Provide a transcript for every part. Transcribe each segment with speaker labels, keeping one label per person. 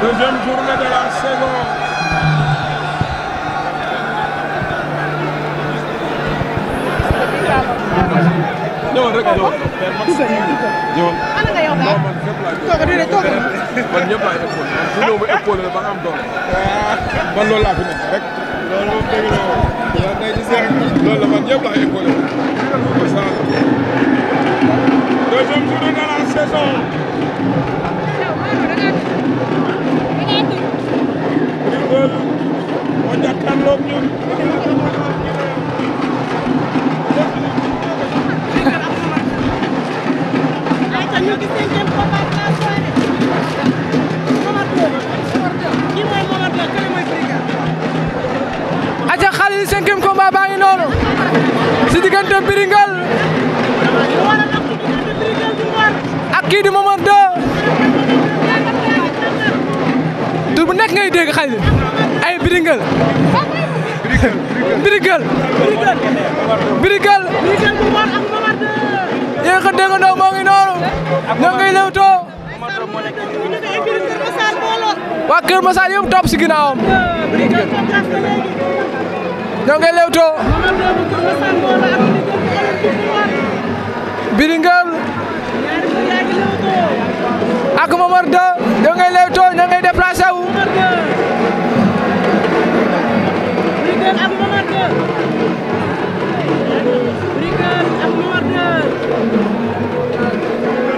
Speaker 1: Deuxième journée de la saison. ñëwal rek ñëwal. ñëwal. ana nga yow daal. toog a dundee toog a dundee. man ñëpp laay épaulé bu ñëw ba épaulé la ba nga am doole. man loolu laa fi nekk rek. loolu moom dëgg la moom. yow day gisee rek. loolu la man ñëpp laay épaulé. deuxième journée de la saison. Diop moo aca Khalil cinquième combat baa ngi noonu si diggante Biringal ak kii di Momar 2 tur bu nekk ngay dégg ay biringal. biringal biringal biringal yéen ko noonu ñoo ngi lewtoo waa Kër Masar yëpp topp si ginnaawam ñoo ngi lewtoo biringal ak Momar Da ñoo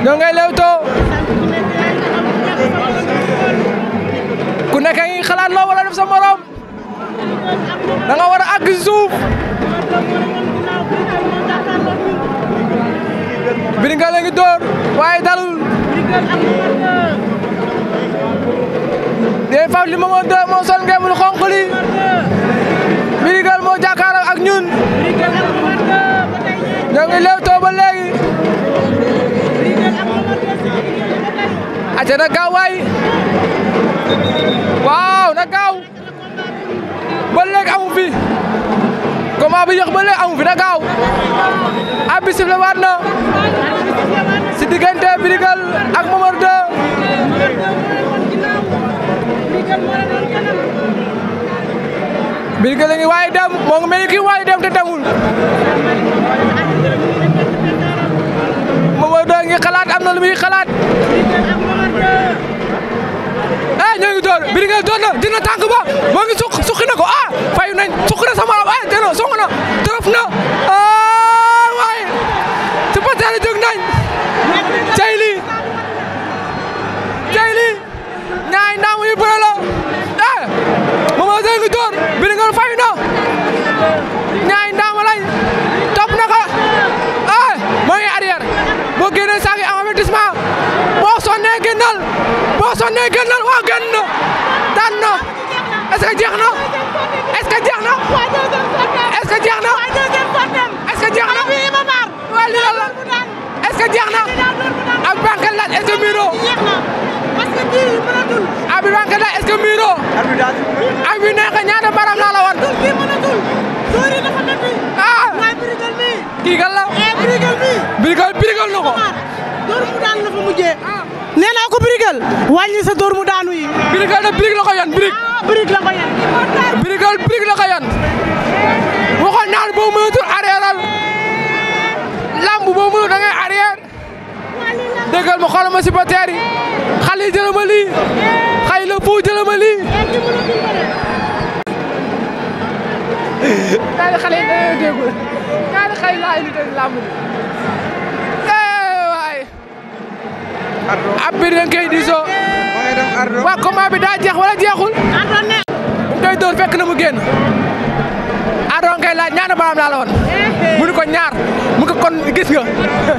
Speaker 1: ñoo ngay lewtoo ku nekk ngi xalaat loo wala def morom da war a àgg suuf Biringa la ngi door waaye dalul des fois li ma mën moo sol mun xonq li moo jàkkaarloo ak ñun ñoo ngi ba léegi. aca na gaaw waay waaw na gaaw ba amu fi combat bi yéex ba amu fi na gaaw ab bi sifle waat na si diggante Brigal ak Momar 2 Brigal waay dem moo ngi waay dem te demul Momar 2 ngi am na lu muy Briguer doon dina tànk ba moo ngi ko ah fayu nañ suq na sama ah te na ah, waaye su pateer a jóg nañ cay lii cay lii ñaay ndaam yu ah, ngi door Briguer fayu na ñaay ndaam lañ topp na ko ah moo ngi arrière boo génnee saa ngi am avertissement boo sonnee génnal boo sonnee est-ce que jeex na est-ce na est-ce que jeex na est-ce que jeex na waaw li la est-ce que jeex na ab banque laaj est-ce miiroo ab banque laaj est-ce que miiroo ab bi nekk ñaata baram laa la wan ah kii la eh, Brickell wàññi sa dóor mu daanu yi. Brickell de brick la yan brick. ah brick la yan. Brickell brick la ko yan. waxoon naan boo mënatul arrièreal lamb boo mënul da ngay arrière. dëggal ab bi dañ diisoo. waa combat bi daa jeex jeexul. bu koy dóor fekk na mu génn. Ardo ngay laaj ñaar baam laa la woon. mu ni ko ñaar mu ko kon gis nga.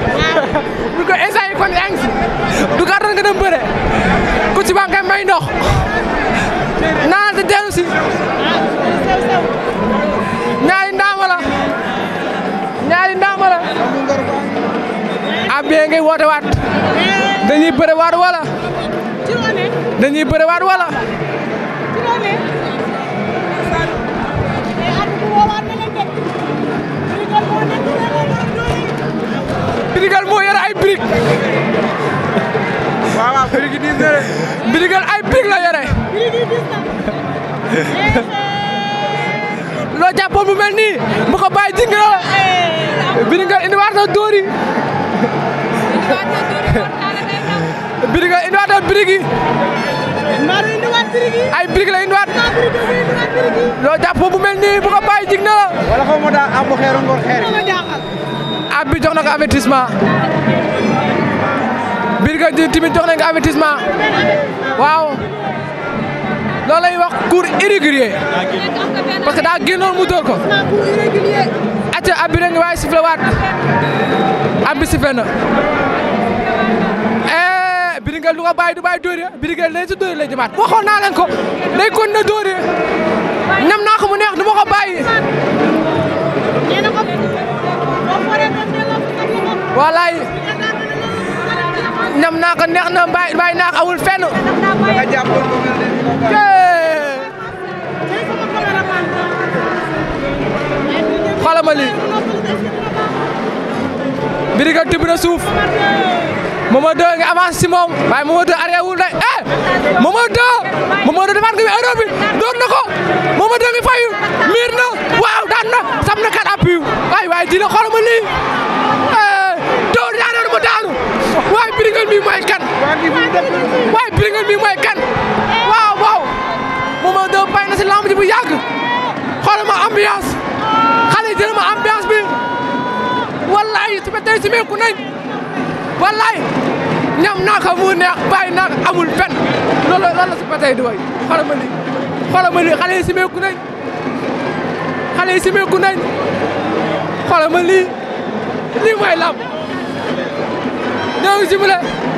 Speaker 1: mu ni ko kon yaa ngi si. du ko Ardo nga dem ku ci baa ngay may ndox. naan te dellu si. ñaari ndaama ñaari ndaama la. ab bi ngay woote dañuy bëre waat wala. ci loonee. bëre waat wala. ci moo yore ay briques. waaw waaw briques yi diis na de. Birigal ay briques la yore. Euh, loo jàppoon mel nii bu ko bàyyi ji nga la. Euh, Birigal indiwaat birig la indiwaat ak birig ay birig la indiwaat. loo jàpp bu mel nii bu ko bàyyi jig na la. wala xaw ma daal am xeeru ab bi jox na ko avertissement. birig la tamit jox nañ ko lay wax cours parce que daa génnoon mu dóor ko acca ab bi na ngi ab bi sifflé na Biringal lu ko bàyyi du bàyyi dóore Biringal lay si dóore lay naa leen ko day kon na dóore ñam naa ko mu neex du ma ko bàyyi. wallaay ñam naa ko neex na bàyyi bàyyi naa awul fenn. xoolal ma lii Biringal suuf. Momadou nga avance si waaye Momadou arrière wul nag eh Momadou Momadou defaat nga fi erreur bi door ko Momadou ngi fayu miir waaw daan na na kat appui waay waay dina xool ma lii eh! doo daa doon ma daanu waay biringal mi mooy kan waaw waaw Momadou bay si lamb ji bu yàgg ma ambiance xale yi ma ambiance bi wallaay su ma tey si meeku nañ wallaay ñoom naka mu neex bàyyi naka amul fen loolu loolu la supporter di way ma lii xoolal ma lii xale yi simeeku nañ xale ma lii lii mooy lamb ñoo